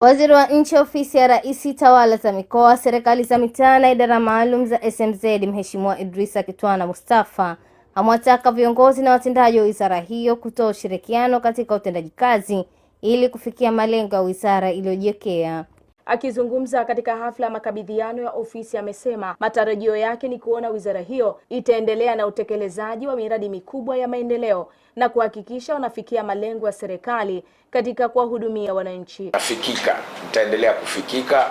Waziri wa Nchi, Ofisi ya Rais, Tawala za Mikoa, Serikali za Mitaa na Idara Maalum za SMZ, Mheshimiwa Idrisa Kitwana Mustafa amewataka viongozi na watendaji wa wizara hiyo kutoa ushirikiano katika utendaji kazi ili kufikia malengo ya wizara iliyojiwekea. Akizungumza katika hafla ya makabidhiano ya ofisi, amesema matarajio yake ni kuona wizara hiyo itaendelea na utekelezaji wa miradi mikubwa ya maendeleo na kuhakikisha wanafikia malengo ya serikali katika kuwahudumia wananchi. Afikika, itaendelea kufikika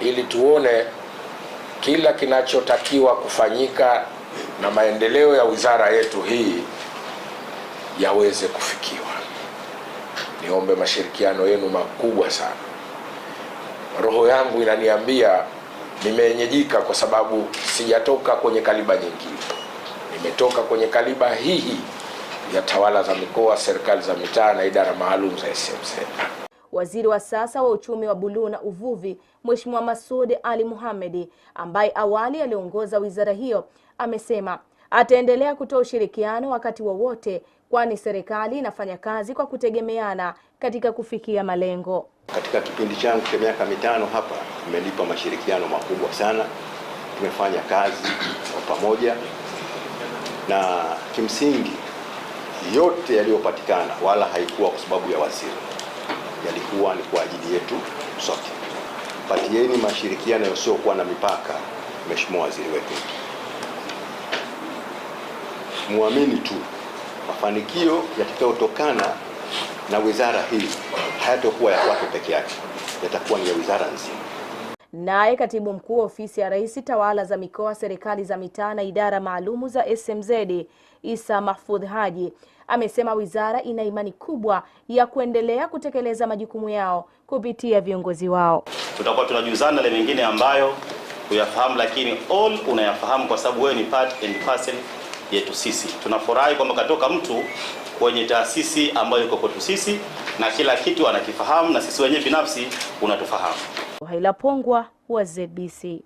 ili tuone kila kinachotakiwa kufanyika na maendeleo ya wizara yetu hii yaweze kufikiwa. Niombe mashirikiano yenu makubwa sana roho yangu inaniambia nimeenyejika, kwa sababu sijatoka kwenye kaliba nyingine, nimetoka kwenye kaliba hii ya tawala za mikoa, serikali za mitaa na idara maalum za SMC. Waziri wa sasa wa uchumi wa buluu na uvuvi, Mheshimiwa Masud Ali Mohamed, ambaye awali aliongoza wizara hiyo, amesema ataendelea kutoa ushirikiano wakati wowote wa kwani serikali inafanya kazi kwa kutegemeana katika kufikia malengo. Katika kipindi changu cha miaka mitano hapa tumelipa mashirikiano makubwa sana, tumefanya kazi kwa pamoja na kimsingi yote yaliyopatikana wala haikuwa kwa sababu ya waziri, yalikuwa ni kwa ajili yetu sote. Patieni mashirikiano yasiyokuwa na mipaka, Mheshimiwa Waziri wetu muamini tu, mafanikio yatakayotokana na wizara hii hayatakuwa ya watu peke yake, yatakuwa ni ya wizara nzima. Naye katibu mkuu ofisi ya Rais, tawala za mikoa, serikali za mitaa na idara maalumu za SMZ Isa Mahfud Haji amesema wizara ina imani kubwa ya kuendelea kutekeleza majukumu yao kupitia viongozi wao. Tutakuwa tunajuzana yale mengine ambayo huyafahamu, lakini all unayafahamu kwa sababu wewe ni part and parcel yetu sisi. Tunafurahi kwamba katoka mtu kwenye taasisi ambayo iko kwetu sisi na kila kitu anakifahamu na sisi wenyewe binafsi unatufahamu. Haila Pongwa wa ZBC.